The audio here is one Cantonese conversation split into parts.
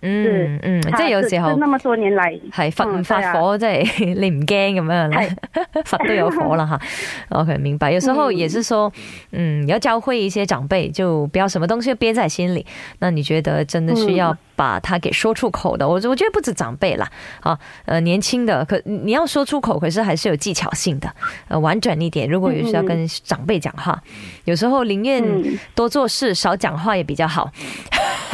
嗯嗯，即、嗯、有時候那麼多年來係、嗯、佛唔、啊、 發火，即係你唔驚咁樣啦。佛都有火啦吓，OK，明白。有時候也是說 嗯，嗯，要教會一些長輩，就不要什麼東西憋在心裏。那你覺得真的是要把它給說出口的？我、嗯、我覺得不止長輩啦，啊，呃，年輕的可你要說出口，可是還是有技巧性的，呃婉轉一點。如果有需要跟長輩講話、嗯，有時候寧願多做事、嗯、少講話也比較好。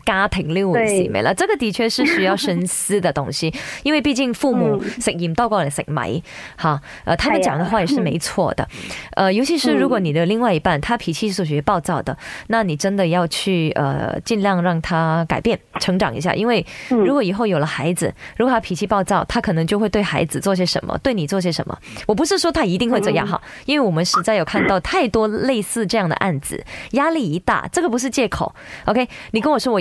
家庭六回沒了，這個的確是需要深思的東西， 因為畢竟父母食鹽多過來食米， 哈呃，他們講的話也是沒錯的，哎、呃，尤其是如果你的另外一半， 他脾氣是屬於暴躁的，那你真的要去，呃，盡量讓他改變、成長一下，因為如果以後有了孩子，如果他脾氣暴躁，他可能就會對孩子做些什麼，對你做些什麼，我不是說他一定會這樣，哈， 因為我們實在有看到太多類似這樣的案子，壓力一大，這個不是借口，OK，你跟我說我。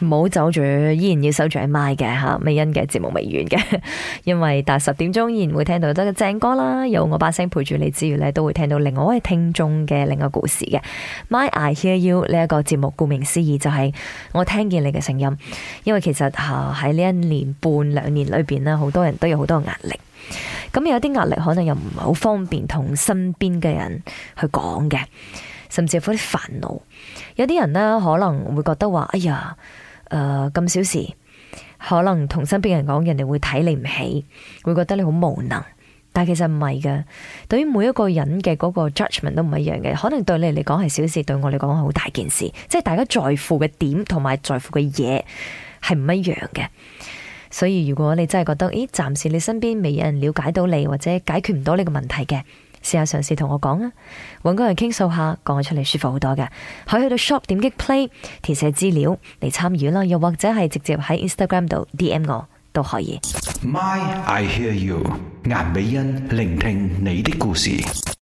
唔好走住，依然要守住 my 嘅，吓，美欣嘅節目未完嘅，因為但係十點鐘依然會聽到得個正歌啦，有我把聲陪住你之餘呢，都會聽到另外一位聽眾嘅另一個故事嘅。My I Hear You 呢一個節目，顧名思義就係我聽見你嘅聲音，因為其實吓，喺呢一年半兩年裏邊呢，好多人都有好多壓力，咁有啲壓力可能又唔係好方便同身邊嘅人去講嘅，甚至乎啲煩惱，有啲人呢可能會覺得話，哎呀～誒、呃，咁小事可能同身邊人講，人哋會睇你唔起，會覺得你好無能。但係其實唔係嘅，對於每一個人嘅嗰個 judgment 都唔一樣嘅。可能對你嚟講係小事，對我嚟講係好大件事。即係大家在乎嘅點同埋在乎嘅嘢係唔一樣嘅。所以如果你真係覺得，咦，暫時你身邊未有人了解到你，或者解決唔到呢個問題嘅。試下嘗試同我講啊，搵個人傾訴下，講出嚟，舒服好多嘅。可以去到 shop 點擊 play，填寫資料嚟參與啦，又或者係直接喺 Instagram 度 DM 我都可以。My I hear you，顏美欣聆聽你的故事。